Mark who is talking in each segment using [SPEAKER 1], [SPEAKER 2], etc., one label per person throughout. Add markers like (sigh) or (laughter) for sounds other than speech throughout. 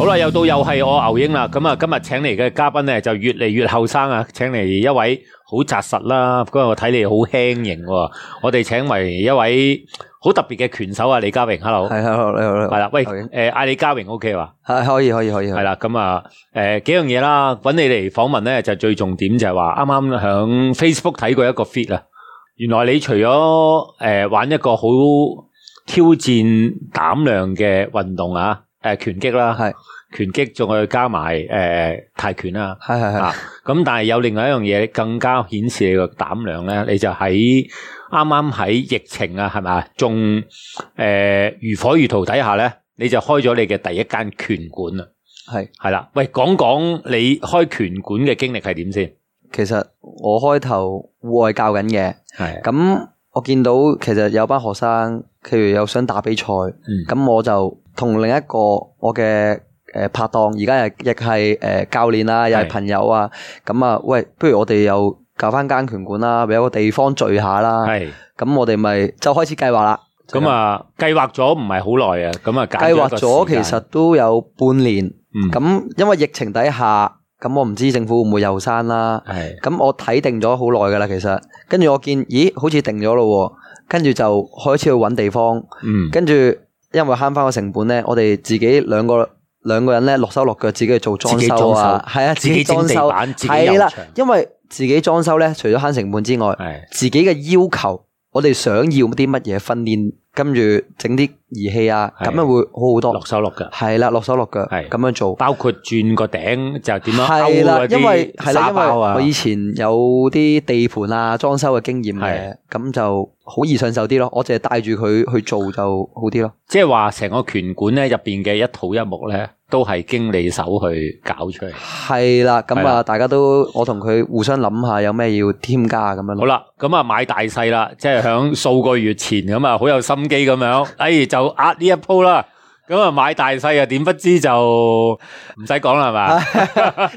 [SPEAKER 1] 好啦，又到又係我牛英啦。咁啊，今日請嚟嘅嘉賓咧就越嚟越後生啊！請嚟一位好紮實啦。今日我睇你好輕盈，我哋請嚟一位好特別嘅拳手啊，李嘉榮。Hello，係係你好你好係啦，喂，誒，嗌李嘉榮 OK 嘛？啊，可以可以可以。係啦，咁啊，誒，幾樣嘢啦，搵你嚟訪問咧，就最重點就係話，啱啱響 Facebook 睇過一個 fit 啊。原來你除咗誒玩一個好挑戰膽量嘅運動啊！誒，拳擊啦，係是拳擊，仲要加埋誒、呃、泰拳啦，係係係，咁、啊、但係有另外一樣嘢更加顯示你個膽量咧，你就喺啱啱喺疫情啊，係咪，仲誒、呃、如火如荼底下咧，你就開咗你嘅第
[SPEAKER 2] 一間拳館啊，係係是啦，喂，講講你開拳館嘅經歷係點先？其實我開頭戶外教緊嘅，係咁的我見到其實有班學生，譬如有想打比賽，咁、嗯、我就。同另一個我嘅誒、呃、拍檔，而家又亦係誒、呃、教練啊，又係朋友啊，咁是的 啊，喂，不如我哋又搞翻間拳館啦，俾個地方聚下啦。係是的、啊，咁我哋咪就開始計劃啦。咁啊，計劃咗唔係好耐啊。咁啊，計劃咗其實都有半年。咁、嗯、因為疫情底下，咁我唔知政府會唔會又刪啦。係。咁我睇定咗好耐㗎啦，其實。跟住我見，咦，好似定咗咯喎。跟住就開始去揾地方。嗯。跟住。因為慳翻個成本咧，我哋自己兩個兩個人咧落手落腳自己去做裝修啊，係啊，自己整地板，係啦，因為自己裝修咧，除咗慳成本之外，係，自己嘅要求，我哋想要啲乜嘢訓練。跟住整啲儀器啊，咁樣會好好多。落手落腳，係啦，落手落腳，係咁樣做。包括轉個頂就點樣。係啦，因為係啦，因為我以前有啲地盤啊裝修嘅經驗嘅，咁就好易上手啲咯。我淨係帶住佢去做就好啲咯。即係話成個拳館咧入邊嘅一套
[SPEAKER 1] 一木咧，都係經理手去搞出嚟。
[SPEAKER 2] 係啦，咁啊，大家都我同佢互相諗下有咩要添加咁樣。好啦，
[SPEAKER 1] 咁啊買大細啦，即係響數個月前咁啊，好有心。咁記咁樣，哎，就押呢一鋪啦。咁啊，買大細啊，點不知就唔使講啦，係嘛？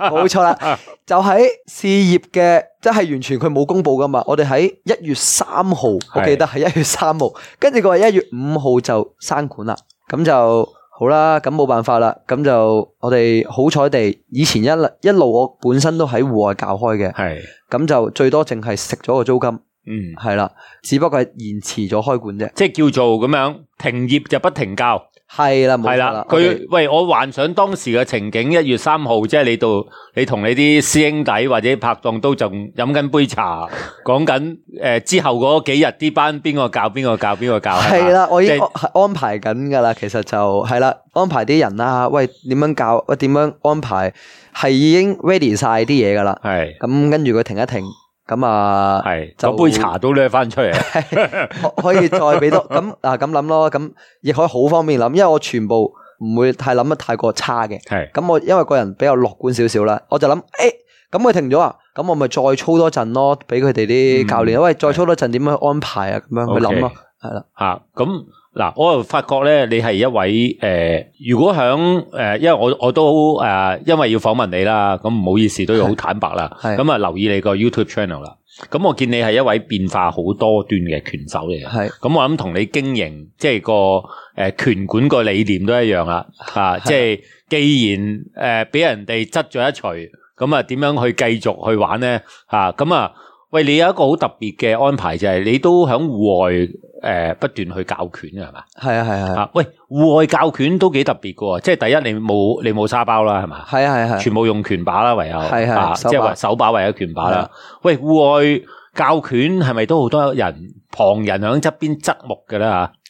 [SPEAKER 2] 冇錯啦，就喺事業嘅，即係完全佢冇公布噶嘛。我哋喺一月三號，我記得係一月三號，跟住佢話一月五號就刪管啦。咁就好啦，咁冇辦法啦。咁就我哋好彩地，以前一一路我本身都喺戶外搞開嘅，係咁就最多淨係食咗個租金。嗯，係啦，只不過係延遲咗開館啫，即係叫做咁樣停業就不停教，係啦，係啦，佢
[SPEAKER 1] 喂，我幻想當時嘅情景，一月三號，即係你度，你同你啲師兄弟或者拍檔都仲飲緊杯茶，講緊誒之後嗰幾日啲班邊個教、邊個教、邊個教，係啦，我已經
[SPEAKER 2] 安排緊噶啦，其實就係啦，安排啲人啦，喂，點樣教，喂，點樣安排，係已經 ready 晒啲嘢噶啦，係，咁跟住佢停一停。咁啊，係就是會杯茶都攞翻出嚟， (laughs) (laughs) 可以再俾多咁啊咁諗咯。咁亦可以好方便諗，因為我全部唔會太諗得太過差嘅。係咁是我因為個人比較樂觀少少啦，我就諗誒，咁、欸、佢停咗啊，咁我咪再操多陣咯，俾佢哋啲教練、嗯、喂再操多陣點是樣去安排啊？咁樣去諗咯，係啦
[SPEAKER 1] 吓咁。啊。嗱，我又發覺咧，你係一位誒、呃，如果響誒、呃，因為我我都誒、呃，因為要訪問你啦，咁唔好意思都要好坦白啦，咁啊是留意你個 YouTube channel 啦。咁我見你係一位變化好多端嘅拳手嚟，咁是我諗同你經營即係個誒、呃、拳館個理念都一樣啦，吓、啊，是即係既然誒俾、呃、人哋執咗一錘，咁啊點樣去繼續去玩咧？啊，咁啊，喂，你有一個好特別嘅安排就係、是、你都響戶外。誒、呃，不斷去教拳嘅係嘛？係啊係啊，啊。喂，戶外教拳都幾特別嘅，即係第一你冇你冇沙包啦，係嘛？係啊係啊。啊全部用拳靶啦，唯有，即係話手靶為咗拳靶啦。啊、喂，戶外教拳係咪都好多人旁人響側
[SPEAKER 2] 邊側目嘅啦？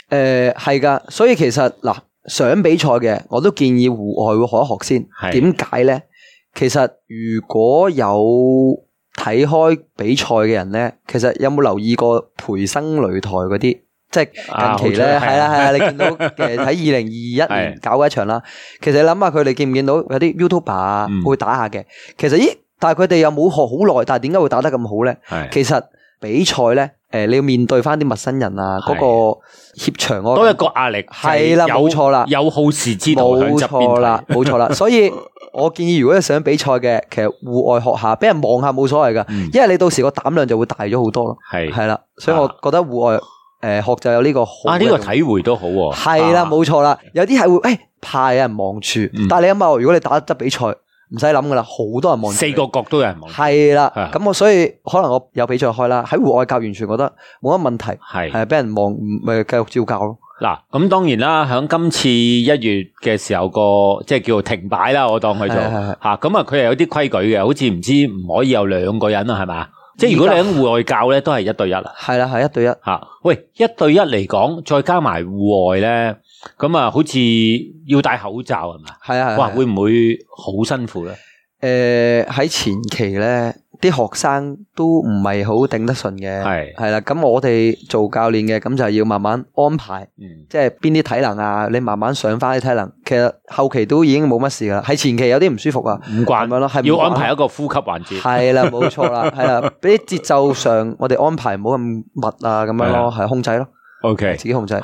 [SPEAKER 2] 吓、呃？誒，係噶，所以其實嗱，想比賽嘅我都建議戶外會學一學先。點解咧？其實如果有。睇開比賽嘅人咧，其實有冇留意過培生擂台嗰啲？即係近期咧，係啦係啦，你見到誒喺二零二一年搞一場啦。其實，是的 其實你諗下佢哋見唔見到有啲 YouTuber 啊、嗯、會打下嘅？其實咦，但係佢哋又冇學好耐，但係點解會打得咁好咧？是的 其實比賽咧。誒，你要面對翻啲陌生人啊，嗰個怯場嗰多一個壓力，係啦，冇錯啦，有好事之徒喺側邊睇，冇錯啦，所以我建議，如果你想比賽嘅，其實戶外學下，俾人望下冇所謂噶，因為你到時個膽量就會大咗好多咯，係係啦，所以我覺得戶外誒學就有呢個好呢個體會都好喎，係啦，冇錯啦，有啲係會誒怕有人望住，但係你諗下，如果你打得得比賽。唔使諗噶啦，好多人望，四個角都有人望。係啦，咁我所以可能我有比賽開啦，喺戶外教完全覺得冇乜問題，係係俾人望咪繼續照教咯。
[SPEAKER 1] 嗱，咁當然啦，響今次一月嘅時候個即係叫做停擺啦，我當佢做吓，咁啊佢係有啲規矩嘅，好似唔知唔可以有兩個人啊，係嘛？即係如果你喺戶外教咧，都係一對一啦。係啦，係一對一吓。喂，一對一嚟講，再加埋戶外咧。咁啊，好似要戴口罩係嘛？係啊，哇，會唔會好辛苦咧？
[SPEAKER 2] 誒，喺前期咧，啲學生都唔係好頂得順嘅，係係啦。咁我哋做教練嘅，咁就係要慢慢安排，即係邊啲體能啊，你慢慢上翻啲體能。其實後期都已經冇乜事啦，喺前期有啲唔舒服啊，唔慣咁樣咯，係要安排一
[SPEAKER 1] 個呼吸環節。係啦，冇錯啦，係啦，
[SPEAKER 2] 俾啲節奏上，我哋安排唔好咁密啊，咁樣咯，係控制咯，OK，自己控制。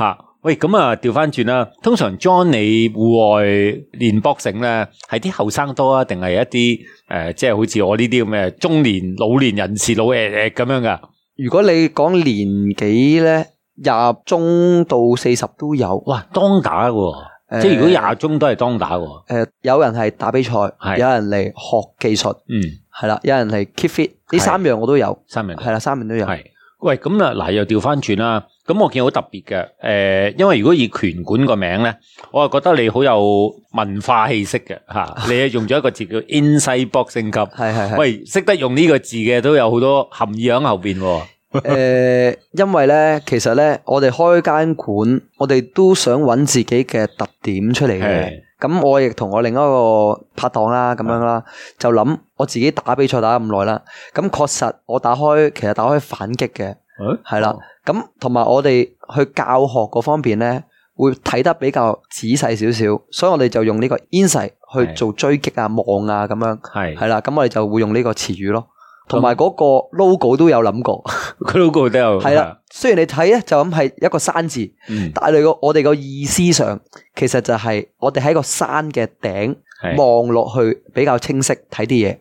[SPEAKER 1] 喂，咁啊，掉返轉啦。通常 join，你戶外練搏繩咧，係啲後生多啊，定係一啲誒，即、呃、係、就是、好似我呢啲咁嘅中年老年人士老誒誒咁樣噶？
[SPEAKER 2] 如果你講年紀咧，廿中到四十都有。哇，當打嘅、啊，即係如果廿中都係當打嘅、啊。誒、呃呃，有人係打比賽，有人嚟學技術，嗯，係啦，有人嚟 keep fit，呢三樣我都有，三樣係啦，三樣都有。係
[SPEAKER 1] 喂，咁啦，嗱，又調翻轉啦。咁我見好特別嘅，誒、呃，因為如果以拳館個名咧，我就覺得你好有文化氣息嘅，吓， (laughs) 你用咗一個字叫 Inside Boxing Club，係係係。喂，識得用呢個字嘅都有好多含義喺後邊。誒
[SPEAKER 2] (laughs) 呃，因為咧，其實咧，我哋開間館，我哋都想揾自己嘅特點出嚟嘅。是是咁我亦同我另一個拍檔啦，咁樣啦，就諗我自己打比賽打咁耐啦，咁確實我打開其實打開反擊嘅，係啦、嗯，咁同埋我哋去教學嗰方面咧，會睇得比較仔細少少，所以我哋就用呢個 insight 去做追擊是的 啊、望啊咁樣，係是的，係啦，咁我哋就會用呢個詞語咯。同埋嗰個 logo 都有諗過、嗰個，logo 都有。係啦， (laughs) 雖然你睇咧就咁、係、係一個山字，嗯、但係個我哋個意思上，其實就係我哋喺個山嘅頂望落是的 去比較清晰睇啲嘢。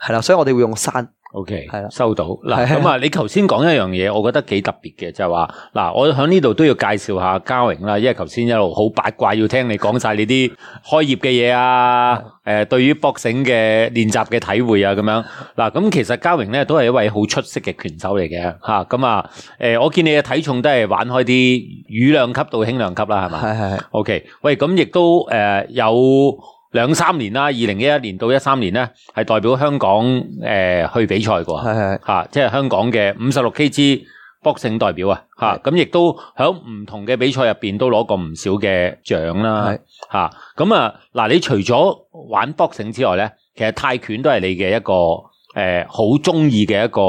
[SPEAKER 2] 係啦、嗯，所以我哋會用山。O K，係啦，okay，收到。嗱，咁啊，嗯、
[SPEAKER 1] 你頭先講一樣嘢， (laughs) 我覺得幾特別嘅，就係、是、話，嗱，我喺呢度都要介紹下嘉榮啦。因為頭先一路好八卦，要聽你講晒你啲開業嘅嘢啊，誒、 (laughs) 呃，對於搏繩嘅練習嘅體會啊，咁樣。嗱、嗯，咁其實嘉榮咧都係一位好出色嘅拳手嚟嘅，吓咁啊，誒、嗯嗯呃，我見你嘅體重都係玩開啲羽量級到輕量級啦，係嘛？係係。 (laughs) (laughs) O、嗯、K，喂，咁亦都誒、呃、有。兩三年啦，二零一一年到一三年咧，係代表香港誒、呃、去比賽過，係係吓，即係香港嘅五十六 kg boxing 代表啊，吓咁亦都響唔同嘅比賽入邊都攞過唔少嘅獎啦，吓咁啊嗱、啊啊啊，你除咗玩 boxing 之外咧，其實泰拳都係你嘅一個誒好中意嘅一個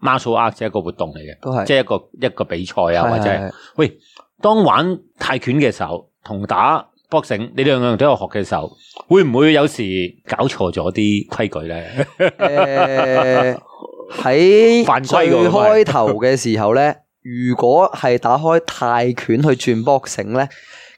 [SPEAKER 1] muscle art 一個活動嚟嘅，都係即係一個一個比賽啊，或者是是是是喂，當玩泰拳嘅時候同打。Boxing，你哋兩樣都有學嘅時
[SPEAKER 2] 候，會唔會有時搞錯咗啲規矩咧？喺犯規開頭嘅時候咧，如果係打開泰拳去轉 Boxing 咧，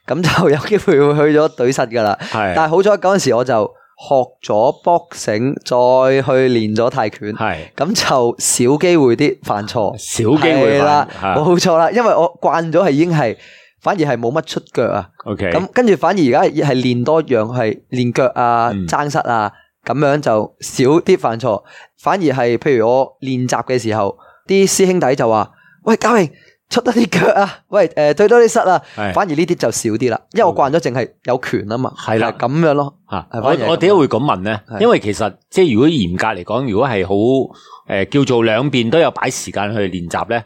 [SPEAKER 2] 咁就有機會會去咗懟實噶啦。係，但係好彩嗰陣時我就學咗 Boxing，再去練咗泰拳，係，咁就少機會啲犯錯，少機會啦，冇錯啦，因為我慣咗係已經係。反而係冇乜出腳啊，咁跟住反而而家係練多樣，係練腳啊、爭膝啊，咁樣就少啲犯錯。反而係，譬如我練習嘅時候，啲師兄弟就話：喂，嘉榮出多啲腳啊，喂，誒，對多啲膝啊。反而呢啲就少啲啦，因為我慣咗淨係有拳啊嘛。係啦，咁樣咯。
[SPEAKER 1] 吓，我我點解會咁問咧？因為其實即係如果嚴格嚟講，如果係好誒叫做兩邊都有擺時間去練習咧。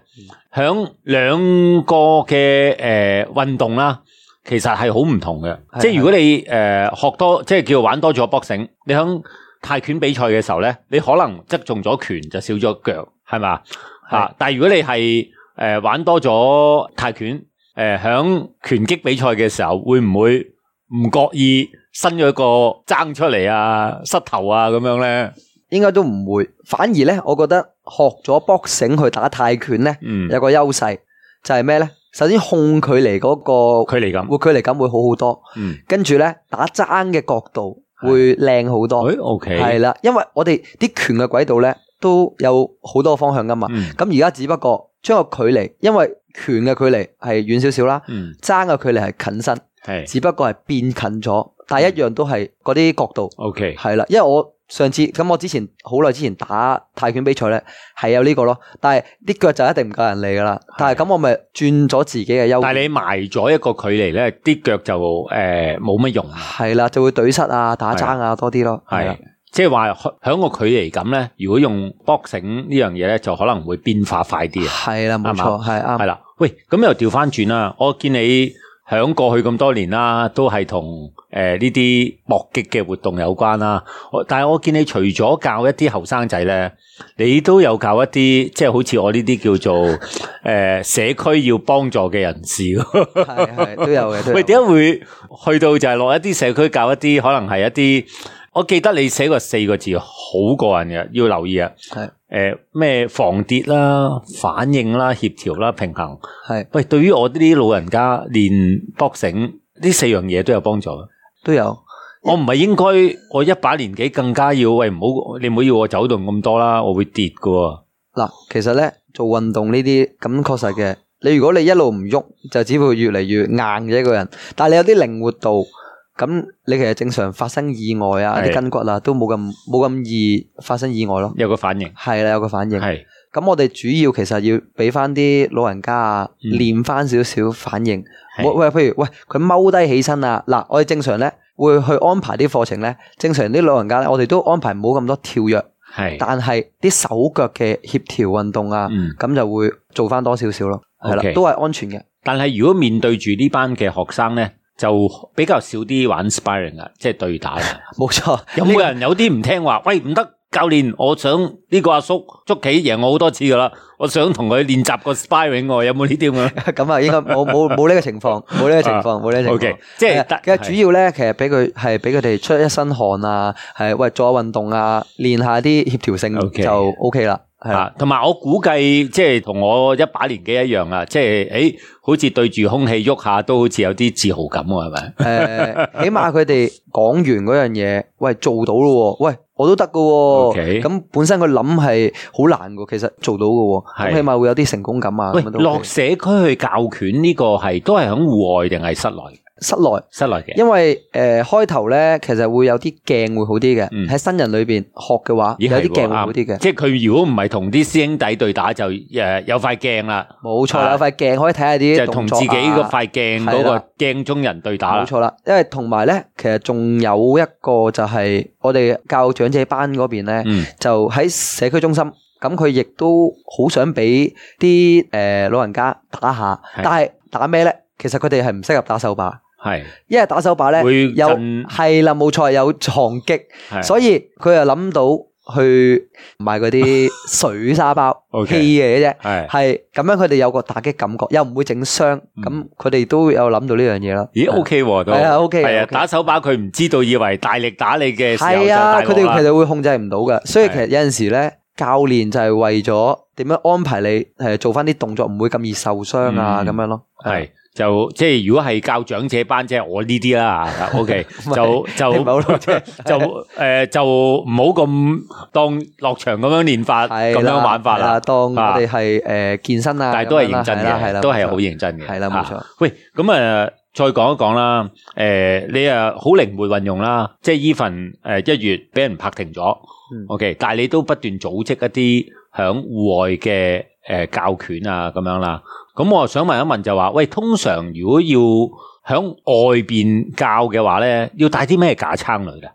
[SPEAKER 1] 響兩個嘅誒運動啦，其實係好唔同嘅。是的 即係如果你誒、呃、學多，即係叫玩多咗 boxing，你響泰拳比賽嘅時候咧，你可能側中咗拳就少咗腳，係咪吓？但係如果你係誒、呃、玩多咗泰拳，誒、呃、響拳擊比賽嘅時候，會唔會唔覺意
[SPEAKER 2] 伸咗個踭出嚟啊、膝頭啊咁樣咧？應該都唔會，反而咧，我覺得。學咗 boxing 去打泰拳咧，嗯、有個優勢就係咩咧？首先控距離嗰個距離感，會距離感會好好多。嗯、跟住咧打爭嘅角度會靚好多。O K，係啦，因為我哋啲拳嘅軌道咧都有好多方向噶嘛。咁而家只不過將個距離，因為拳嘅距離係遠少少啦，爭嘅、嗯、距離係近身，的只不過係變近咗，但係一樣都係嗰啲角度。O K，係啦，因為我。上次咁我之前好耐之前打泰拳比賽咧，係有呢個咯，但係啲腳就一定唔夠人嚟噶啦。的但係咁我咪轉咗自己嘅優勢。但係你埋咗一個距離咧，啲腳就誒冇乜用。係啦，就會懟失啊、打爭啊的多啲咯。係啦
[SPEAKER 1] 的，的即係話響個距離咁咧，如果用 boxing 呢樣嘢咧，就可能會變化快啲。係啦，冇錯，係啱。係啦，喂，咁又調翻轉啦，我見你。響過去咁多年啦，都係同誒呢啲搏擊嘅活動有關啦。但係我見你除咗教一啲後生仔咧，你都有教一啲，即係好似我呢啲叫做誒、 (laughs) 呃、社區要幫助嘅人士
[SPEAKER 2] 係係 (laughs) 都有嘅。有喂，
[SPEAKER 1] 點解會去到就係落一啲社區教一啲，可能係一啲。我記得你寫過四個字，好過癮嘅，要留意啊。係誒咩防跌啦、反應啦、協調啦、平衡係。是喂，對於我呢啲老人家練搏繩呢四樣嘢都有幫助啊！都有。我唔係應該，我一把年紀更加要喂唔好，你唔好要我走動咁多啦，我會
[SPEAKER 2] 跌㗎。嗱，其實咧做運動呢啲咁確實嘅，你如果你一路唔喐，就只會越嚟越硬嘅一個人。但係你有啲靈活度。咁你其實正常發生意外啊，啲筋骨啊都冇咁冇咁易發生意外咯。有個反應係啦，有個反應。係咁，我哋主要其實要俾翻啲老人家啊，練翻少少反應。嗯、喂，譬如喂佢踎低起身啊，嗱，我哋正常咧會去安排啲課程咧。正常啲老人家咧，我哋都安排冇咁多跳躍，係。但係啲手腳嘅協調運動啊，咁、嗯、就會做翻多少少咯。係啦，okay, 都係安全嘅。
[SPEAKER 1] 但係如果面對住呢班嘅學生咧？就比較少啲玩 sparring 噶，即係對打冇錯，錯有冇人有啲唔聽話？ (laughs) 喂，唔得，教練，我想呢個阿叔捉棋贏我好多次噶啦，我想同佢練習個 sparring 喎。有冇呢啲咁？咁啊，應該冇冇冇呢個
[SPEAKER 2] 情況，冇呢個情況，冇呢個情況。O K，即係大家主要咧，其實俾佢係俾佢哋出一身汗啊，係喂做下運動啊，練下啲協調性就 O K 啦。Okay. 係啊，同埋我估計即係同我一把年紀一樣啊，即係誒，
[SPEAKER 1] 好似對住空氣喐下都好似有啲自豪感喎，係咪？
[SPEAKER 2] 誒，起碼佢哋講完嗰樣嘢，喂，做到咯，喂，我都得噶，咁本身佢諗係好難噶，其實做到噶，係起碼會有啲成功感啊。喂，落社
[SPEAKER 1] 區去教拳呢個係都係喺戶外定係室內？室內，室內嘅，
[SPEAKER 2] 因為誒開頭咧，其實會有啲鏡會好啲嘅。喺新人裏邊學嘅話，有啲鏡會好啲嘅。即係
[SPEAKER 1] 佢如果唔係同啲師兄弟對打，就誒有塊鏡啦。冇錯啦，有塊
[SPEAKER 2] 鏡可以睇下啲。就同自己個塊
[SPEAKER 1] 鏡嗰個鏡中人對打啦。冇錯
[SPEAKER 2] 啦，因為同埋咧，其實仲有一個就係我哋教長者班嗰邊咧，就喺社區中心。咁佢亦都好想俾啲誒老人家打下，但係打咩咧？其實佢哋係唔適合打手靶。係，因為打手靶咧，有係啦冇錯，有撞擊，所以佢又諗到去買嗰啲水沙包，O K 嘅啫，係咁樣，佢哋有個打擊感覺，又唔會整傷，咁佢哋都有諗到呢樣嘢咯。咦，O K 喎，都係啊，O K，係啊，
[SPEAKER 1] 打手靶佢唔知道以為大力打你嘅時候就打到啦。佢哋
[SPEAKER 2] 其實會控制唔到嘅，所以其實有陣時咧，教練就係為咗點樣安排你，誒做翻啲動作唔會咁易受傷啊，咁樣咯，係。
[SPEAKER 1] 就即係如果係教長者班，即係我呢啲啦。OK，就 (laughs) 別弄 就就誒錯、 (laughs) 呃，就唔好咁當落場咁樣練法，
[SPEAKER 2] 咁了樣玩法啦。當我哋係誒健身啊，但係都係認真嘅，都係好認真嘅。
[SPEAKER 1] 係啦，冇錯。喂，咁啊，再講一講啦。誒、呃，你啊，好靈活運用啦。即係依份誒一月俾人拍停咗。嗯、OK，但係你都不斷組織一啲響戶外嘅誒教拳啊咁樣啦。咁我啊想問一問就話，喂，通常如果要響外邊教嘅話咧，要帶啲咩架
[SPEAKER 2] 撐嚟噶？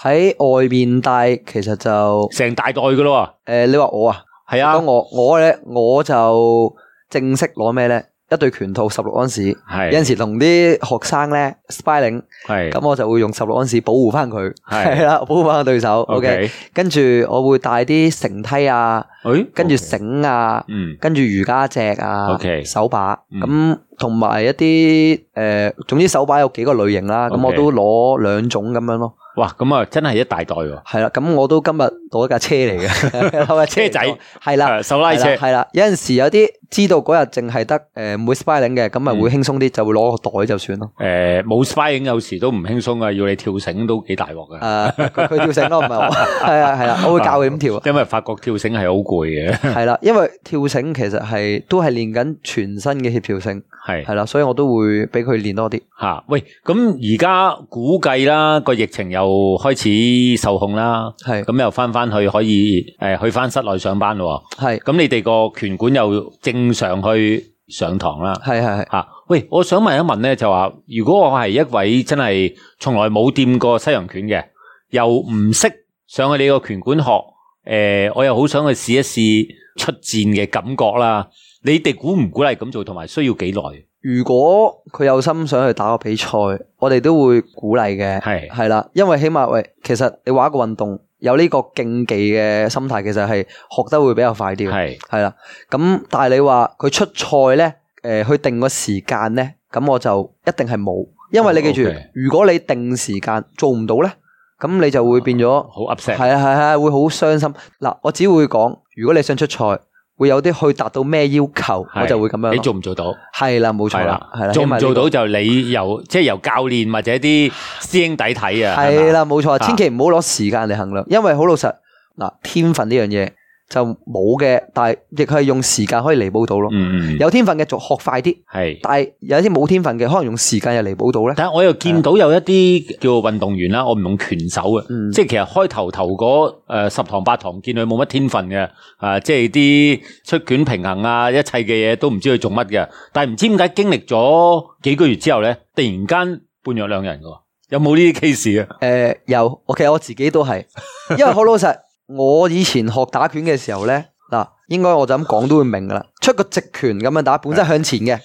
[SPEAKER 2] 喺外邊帶，其實就成大袋噶咯。誒、呃，你話我啊，係啊，咁我我咧，我就正式攞咩咧？一對拳套十六安士，有陣時同啲學生咧 spying，咁我就會用十六安士保護翻佢，係啦，保護翻個對手。OK，跟住我會帶啲繩梯啊，跟住繩啊，跟住瑜伽蓆啊，手把，咁同埋一啲誒，總之手把有幾個類型啦，咁我都攞兩種咁樣咯。哇，咁啊，真係一大袋喎。係啦，咁我都今日攞一架車嚟嘅，係咪車仔，係啦，手拉車，係啦，有陣時有啲。知道嗰日淨係得誒冇 sparring 嘅，咁咪會輕鬆啲，就會攞個袋就算咯。誒冇 sparring 有時都唔輕鬆噶，要你跳繩都幾大鑊噶。啊、呃，佢跳繩咯，唔係我。 (laughs) 係啊，係啦，我會教佢咁跳。因為法國跳繩係好攰嘅。係啦，因為跳繩其實係都係練緊全身嘅協調性。係係啦，所以我都會俾佢練多啲。嚇、啊、喂，咁而家估計啦，個
[SPEAKER 1] 疫情又開始受控啦。係咁的又翻翻去可以誒去翻室內上班咯。係咁的，你哋個拳館又正。正常去上堂啦，係係吓。喂，我想問一問咧，就話如果我係一位真係從來冇掂過西洋拳嘅，又唔識上去你個拳館學，誒、呃，我又好想去試一試出戰嘅感覺啦。你哋鼓唔鼓勵咁做，同埋需要幾耐？
[SPEAKER 2] 如果佢有心想去打個比賽，我哋都會鼓勵嘅，係係啦，因為起碼喂，其實你玩一個運動。有呢個競技嘅心態，其實係學得會比較快啲。係係啦，咁但係你話佢出賽咧，誒、呃，去定個時間咧，咁我就一定係冇，因為你記住，哦 okay、如果你定時間做唔到咧，咁你就會變咗好 upset，係啊係啊，會好傷心。嗱，我只會講，如果你想出賽。會有啲去達到咩要求，是我就會咁樣。你做唔做到？係啦，冇錯。啦的，係啦的。這個、做唔做到
[SPEAKER 1] 就你由，即、就、係、是、由教練或者啲師兄弟睇啊。係啦，冇錯。千祈
[SPEAKER 2] 唔好攞時間嚟衡量，因為好老實嗱，天分呢樣嘢。就冇嘅，但係亦係用時間可以彌補到咯。嗯嗯，有天分嘅就學快啲，係是。但係有啲冇天分嘅，可能用時間又彌補到咧。但係我又見到有一啲、嗯、叫運動員
[SPEAKER 1] 啦，我唔用拳手嘅，嗯、即係其實開頭頭嗰誒十堂八堂見佢冇乜天分嘅，啊即係啲出拳平衡啊一切嘅嘢都唔知佢做乜嘅。但係唔知點解經歷咗幾個月之後咧，突然間判若兩人嘅。
[SPEAKER 2] 有冇呢啲 case 啊？誒、嗯，有，其實我自己都係，因為好老實。 (laughs) (laughs) 我以前學打拳嘅時候咧，嗱，應該我就咁講都會明噶啦，出個直拳咁樣打，本身向前嘅，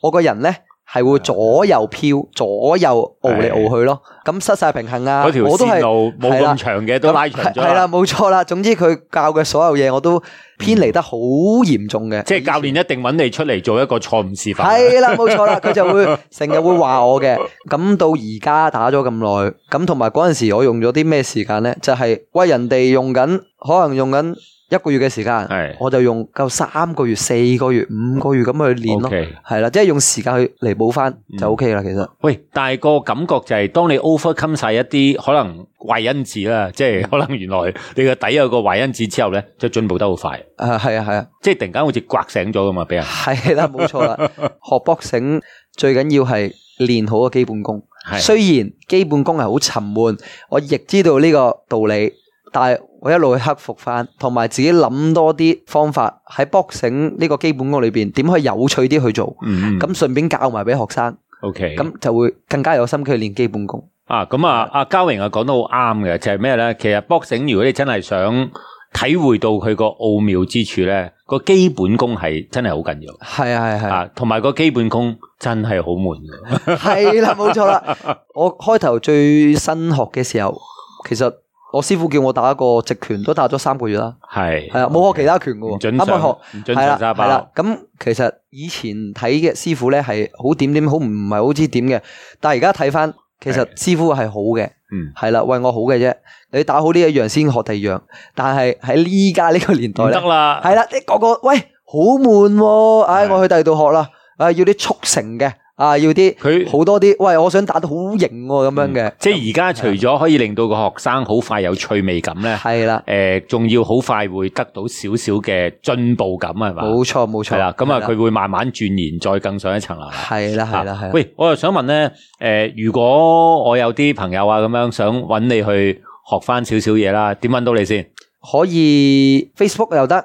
[SPEAKER 2] 我個人咧。係會左右飄，左右遨嚟遨去咯，咁失晒平衡啊！嗰條線路冇咁長嘅，都拉長咗。係啦，冇錯啦。總之佢教嘅所有嘢，我都偏離得好嚴重嘅。即係教練一定揾你出嚟做一個錯誤示範。係啦，冇錯啦，佢就會成日會話我嘅。咁到而家打咗咁耐，咁同埋嗰陣時我用咗啲咩時間咧？就係喂人哋用緊，可能用緊。一個月嘅時間，是的 我就用夠三個月、四個月、五個月咁去練咯，係啦，即係用時間去嚟補翻就 OK 啦。其實，嗯、喂，
[SPEAKER 1] 但係個感覺就係，當你 overcome 晒一啲可能壞因子啦，即係可能原來你個底有個壞因子之後咧，就進步得
[SPEAKER 2] 好快。係啊、嗯，係啊，即係突然間好似颳醒咗咁啊，俾人係啦，冇錯啦。 (laughs) 學 boxing 最緊要係練好個基本功，雖然基本功係好沉悶，我亦知道呢個道理。但係我一路去克服翻，同埋自己諗多啲方法喺 boxing 呢個基本功裏邊，點可以有趣啲去做？咁順、嗯、便教埋俾學生。O K，咁就會更加有心去練基本功。
[SPEAKER 1] 啊，咁啊，阿嘉榮啊講得好啱嘅，就係咩咧？其實 boxing 如果你真係想體會到佢個奧妙之處咧，個基本功係真係好緊要。係啊，係啊，同埋個基本功
[SPEAKER 2] 真係好悶嘅。係 (laughs) 啦，冇錯啦。我開頭最新學嘅時候，其實。我師傅叫我打一個直拳，都打咗三個月啦。係係啊，冇的學其他拳嘅喎。啱啱學，係啦，係啦。咁其實以前睇嘅師傅咧，係好點點，好唔唔係好知點嘅。但係而家睇翻，其實師傅係好嘅。嗯的，係啦，為我好嘅啫。你打好呢一樣先學第二樣。但係喺依家呢個年代，得啦，係啦，啲個個喂好悶喎。唉、啊哎，我去第二度學啦。啊，要啲速成嘅。啊，要啲佢好多啲，喂，我想打得好型咁樣嘅、嗯。
[SPEAKER 1] 即係而家除咗可以令到個學生好快有趣味感咧，係啦的，誒、呃，仲要好快會得到少少嘅進步感啊，係咪的？冇的錯，冇錯的。係啦樣，咁啊的，佢會慢慢鑽研，再更上一層樓
[SPEAKER 2] 啦。係啦，係啦，係。喂，
[SPEAKER 1] 我又想問咧，誒、呃，如果我有啲朋友啊，咁樣想揾你去學翻少少嘢啦，點揾到你先？可以
[SPEAKER 2] Facebook 又得。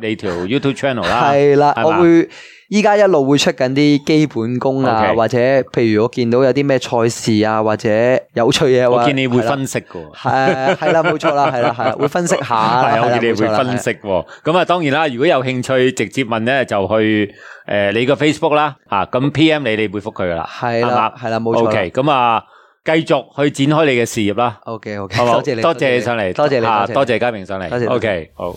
[SPEAKER 1] 你條 YouTube channel 啦，係啦，我會
[SPEAKER 2] 依家一路會出緊啲基本功啊，或者譬如我見到有啲咩賽事啊，或者有趣嘢，我見你會分析嘅。係係啦，冇錯啦，係啦係，會分析下。我見你會分析。咁啊，
[SPEAKER 1] 當然啦，如果有興趣直接問咧，就去誒你個 Facebook 啦，吓，咁 PM 你，你回復佢噶啦。係啦，係啦，冇錯。OK，咁啊，繼續去展開你嘅事業啦。
[SPEAKER 2] OK，好，多謝你，多謝上嚟，多謝啊，多謝嘉榮上嚟，OK，好。